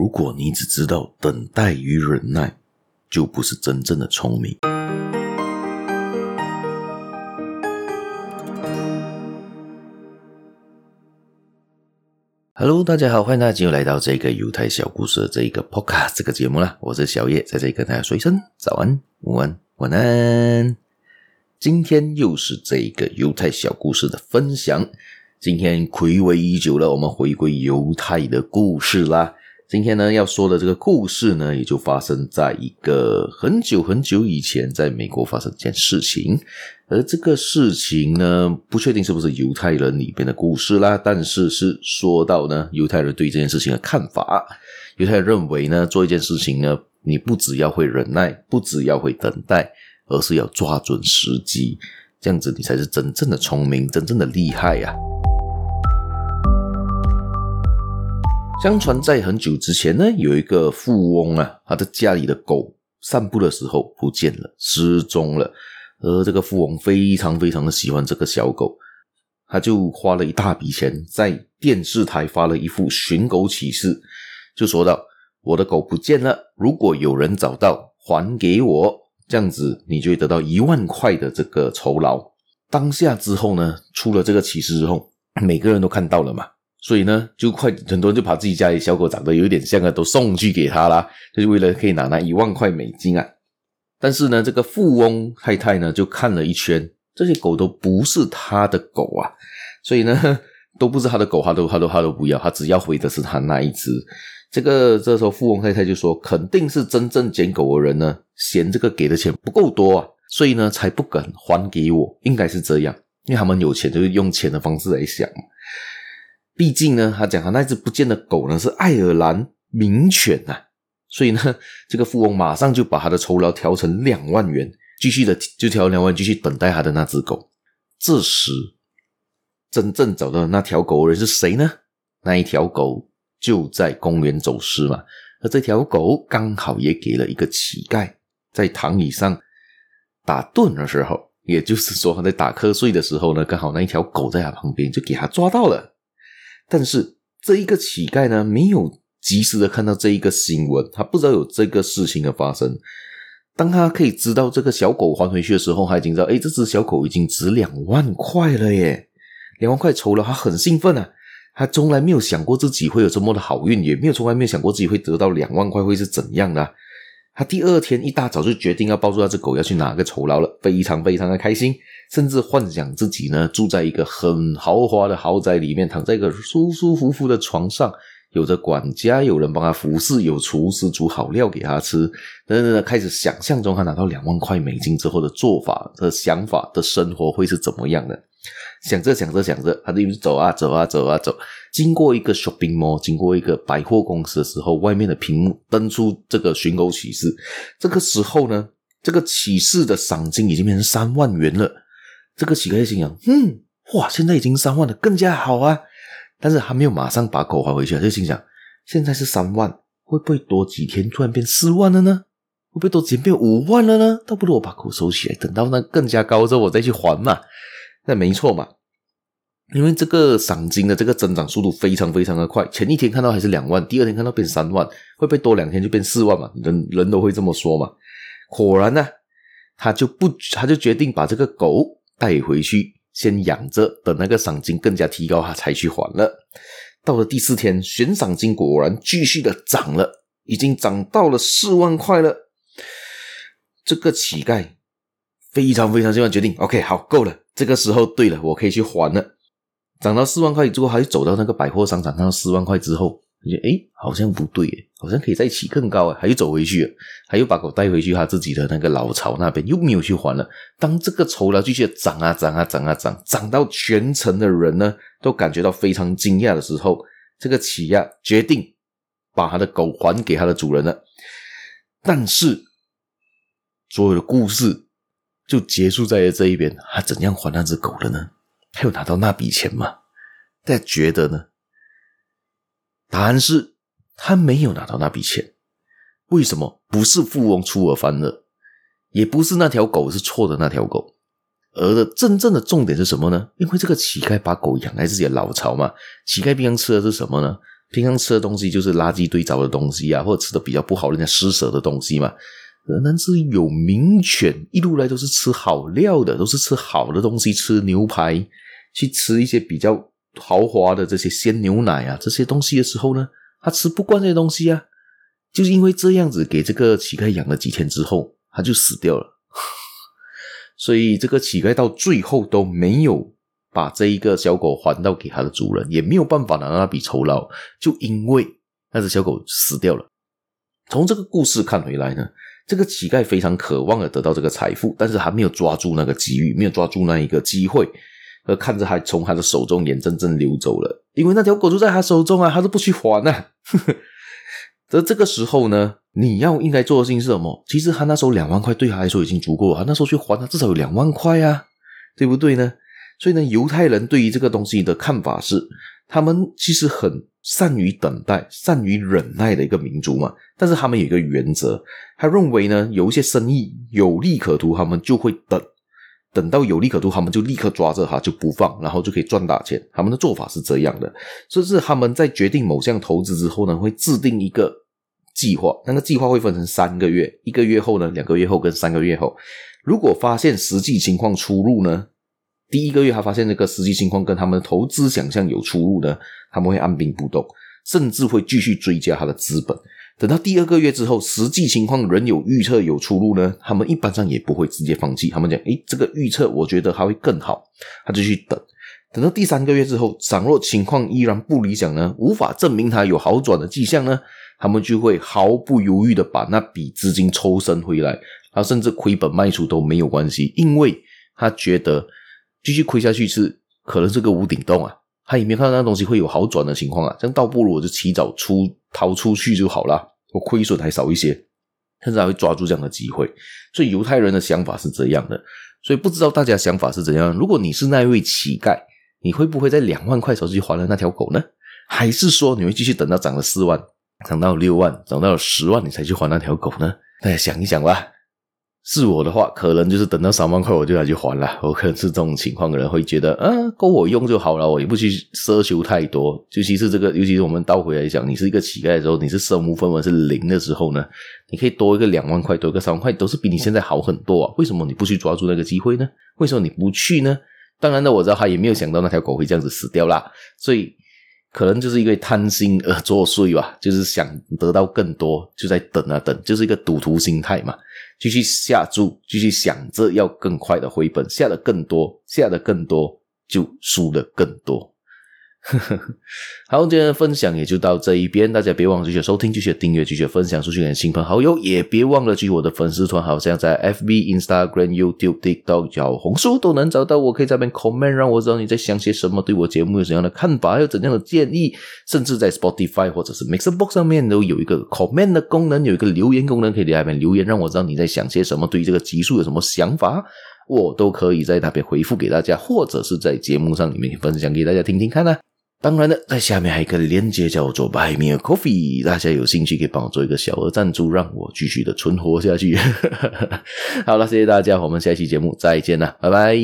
如果你只知道等待與忍耐，就不是真正的聰明。Hello，大家好，歡迎大家又來到這個猶太小故事的這一個 Podcast 這個節目啦，我是小葉，在這裡跟大家說一聲早安、午安、晚安。今天又是這一個猶太小故事的分享。今天睽違已久了，我們回歸猶太的故事啦。今天呢要說的這個故事呢，也就發生在一個很久很久以前，在美國發生一件事情，而這個事情呢，不確定是不是猶太人裡邊的故事啦，但是是說到呢，猶太人對這件事情的看法，猶太人認為呢，做一件事情呢，你不只要會忍耐，不只要會等待，而是要抓準時機，這樣子你才是真正的聰明，真正的厲害呀、啊。相傳在很久之前呢，有一個富翁啊，他的家裡的狗散步的時候不見了，失蹤了。而這個富翁非常非常的喜歡這個小狗，他就花了一大筆錢在電視台發了一幅尋狗啟事，就說到，我的狗不見了，如果有人找到還給我，這樣子你就會得到一萬塊的這個酬勞。當下之後呢，出了這個啟事之後，每個人都看到了嘛。所以呢，就快很多人就把自己家裡小狗長得有點像啊，都送去給他啦，就是為了可以拿那一萬塊美金啊。但是呢，這個富翁太太呢，就看了一圈，這些狗都不是他的狗啊，所以呢，都不是他的狗，他都他都他都不要，他只要回的是他那一隻。這個這時候富翁太太就說：“肯定是真正撿狗的人呢，嫌這個給的錢不夠多啊，所以呢，才不敢還給我，應該是這樣，因為他們有錢，就是用錢的方式來想。”畢竟呢，他講他那只不見的狗呢是愛爾蘭名犬吶、啊，所以呢，這個富翁馬上就把他的酬勞調成兩萬元，繼續的就調兩萬元，繼續等待他的那只狗。這時，真正找到的那條狗的人是誰呢？那一條狗就在公園走失嘛，而這條狗剛好也給了一個乞丐在躺椅上打盹的時候，也就是說他在打瞌睡的時候呢，剛好那一條狗在他旁邊就給他抓到了。但是這一個乞丐呢，沒有及時的看到這一個新聞，他不知道有這個事情的發生。當他可以知道這個小狗還回去的時候，他已經知道，哎，這隻小狗已經值兩萬塊了耶！兩萬塊抽了，他很興奮啊！他從來沒有想過自己會有這麼的好運，也沒有從來沒有想過自己會得到兩萬塊會是怎樣的、啊。他第二天一大早就決定要抱住那只狗要去拿個酬勞了，非常非常的開心，甚至幻想自己呢住在一個很豪華的豪宅裡面，躺在一個舒舒服服的床上，有着管家，有人幫他服侍，有廚師煮好料給他吃。等等，開始想象中他拿到兩萬塊美金之後的做法和想法的生活會是怎麼樣的。想着想着想着，他就一直走啊走啊走啊走，經過一個 shopping mall，經過一個百貨公司的時候，外面的屏幕登出這個尋狗啟事。這個時候呢，這個啟事的賞金已經變成三萬元了。這個乞丐心想：嗯，哇，現在已經三萬了，更加好啊！但是還沒有馬上把狗還回去，他就心想：現在是三萬，會不會多幾天突然變四萬了呢？會不會多幾天變五萬了呢？倒不如我把狗收起來，等到那更加高之後，我再去還嘛。那沒錯嘛，因為這個賞金的這個增長速度非常非常的快，前一天看到還是兩萬，第二天看到變三萬，會不會多兩天就變四萬嘛？人人都會這麼說嘛。果然呢、啊，他就不，他就決定把這個狗帶回去，先養着，等那個賞金更加提高，他才去還了。到了第四天，懸賞金果然繼續的漲了，已經漲到了四萬塊了。這個乞丐非常非常希望決定，OK，好，夠了。這個時候，對了，我可以去還了。漲到四萬塊之後，他就走到那個百貨商場，看到四萬塊之後，覺得，哎，好像不對，好像可以再起更高啊，他又走回去，他又把狗帶回去他自己的那個老巢那邊，又沒有去還了。當這個酬勞繼續漲啊漲啊漲啊漲，漲到全城的人呢都感覺到非常驚訝的時候，這個企亞決定把他的狗還給他的主人了。但是，所有的故事。就結束在這一邊，他怎樣還那隻狗了呢？他有拿到那筆錢嗎？大家覺得呢？答案是他沒有拿到那筆錢。為什麼？不是富翁出爾反爾，也不是那條狗是錯的那條狗，而的真正的重點是什麼呢？因為這個乞丐把狗養在自己的老巢嘛，乞丐平常吃的是什麼呢？平常吃的東西就是垃圾堆著的東西啊，或者吃的比較不好人家施捨的東西嘛。那是有名犬，一路來都是吃好料的，都是吃好的東西，吃牛排，去吃一些比較豪華的這些鮮牛奶啊，這些東西的時候呢，它吃不慣這些東西啊，就是因為這樣子，給這個乞丐養了幾天之後，它就死掉了。 所以這個乞丐到最後都沒有把這一個小狗還到給他的主人，也沒有辦法拿到那筆酬勞，就因為那只小狗死掉了。從這個故事看回來呢。這個乞丐非常渴望的得到這個財富，但是還沒有抓住那個機遇，沒有抓住那一個機會，而看着還從他的手中眼睜睜溜走了。因為那條狗就在他手中啊，他都不去還。呵呵，而這個時候呢，你要應該做的事情是什麼？其實他那時候兩萬塊對他來說已經足夠了，他那時候去還他至少有兩萬塊啊，對不對呢？所以呢，猶太人對於這個東西的看法是，他們其實很。善於等待，善於忍耐的一個民族嘛，但是他們有一個原則，他認為呢，有一些生意有利可圖，他們就會等，等到有利可圖，他們就立刻抓着它就不放，然後就可以賺大錢。他們的做法是這樣的，甚至他們在決定某項投資之後呢，會制定一個計劃，那個計劃會分成三個月、一個月後呢，兩個月後跟三個月後，如果發現實際情況出入呢，第一個月，他發現這個實際情況跟他們的投資想象有出入呢，他們會按兵不動，甚至會繼續追加他的資本。等到第二個月之後，實際情況仍有預測有出入呢，他們一般上也不會直接放棄。他們講：“哎，這個預測我覺得還會更好。”他就去等。等到第三個月之後，倘若情況依然不理想呢，無法證明他有好轉的跡象呢，他們就會毫不猶豫地把那筆資金抽身回來，他甚至虧本賣出都沒有關係，因為他覺得。繼續虧下去是可能是個無底洞啊，他也沒有看到那東西會有好轉的情況啊，這樣倒不如我就起早出逃出去就好了，我虧損還少一些，甚至還會抓住這樣的機會。所以猶太人的想法是這樣的，所以不知道大家想法是怎樣。如果你是那一位乞丐，你會不會在兩萬塊時候去還了那條狗呢？還是說你會繼續等到漲了四萬，漲到六萬，漲到十萬你才去還那條狗呢？大家想一想吧。是我的話，可能就是等到三萬塊我就要去還了。我可能是這種情況的人會覺得，嗯、啊，夠我用就好了，我也不去奢求太多。尤其是這個，尤其是我們倒回來講，你是一個乞丐的時候，你是身無分文，是零的時候呢，你可以多一個兩萬塊，多一個三萬塊，都是比你現在好很多啊。為什麼你不去抓住那個機會呢？為什麼你不去呢？當然呢，我知道他也沒有想到那條狗會這樣子死掉啦。所以。可能就是因為貪心而作祟吧，就是想得到更多，就在等啊等，就是一個賭徒心態嘛，繼續下注，繼續想着要更快的回本，下得更多，下得更多，就輸得更多。就輸呵呵 好，今天的分享也就到這一邊。大家別忘了繼續收聽，繼續訂閱，繼續分享出去給親朋好友。也別忘了去我的粉絲團，好像在 FB、Instagram、YouTube、TikTok、小紅書都能找到我。可以在那邊 comment，讓我知道你在想些什麼，對我節目有怎樣的看法，還有怎樣的建議。甚至在 Spotify 或者是 Mixbox 上面都有一個 comment 的功能，有一個留言功能，可以在那邊留言，讓我知道你在想些什麼，對於這個集數有什麼想法，我都可以在那邊回復給大家，或者是在節目上裡面分享給大家聽聽看啊。當然了，在下面還有一個鏈接叫做 Buy Me a Coffee，大家有興趣可以幫我做一個小額贊助，讓我繼續，續的存活下去。 好了，謝謝大家，我們下一期節目再見啦，拜拜。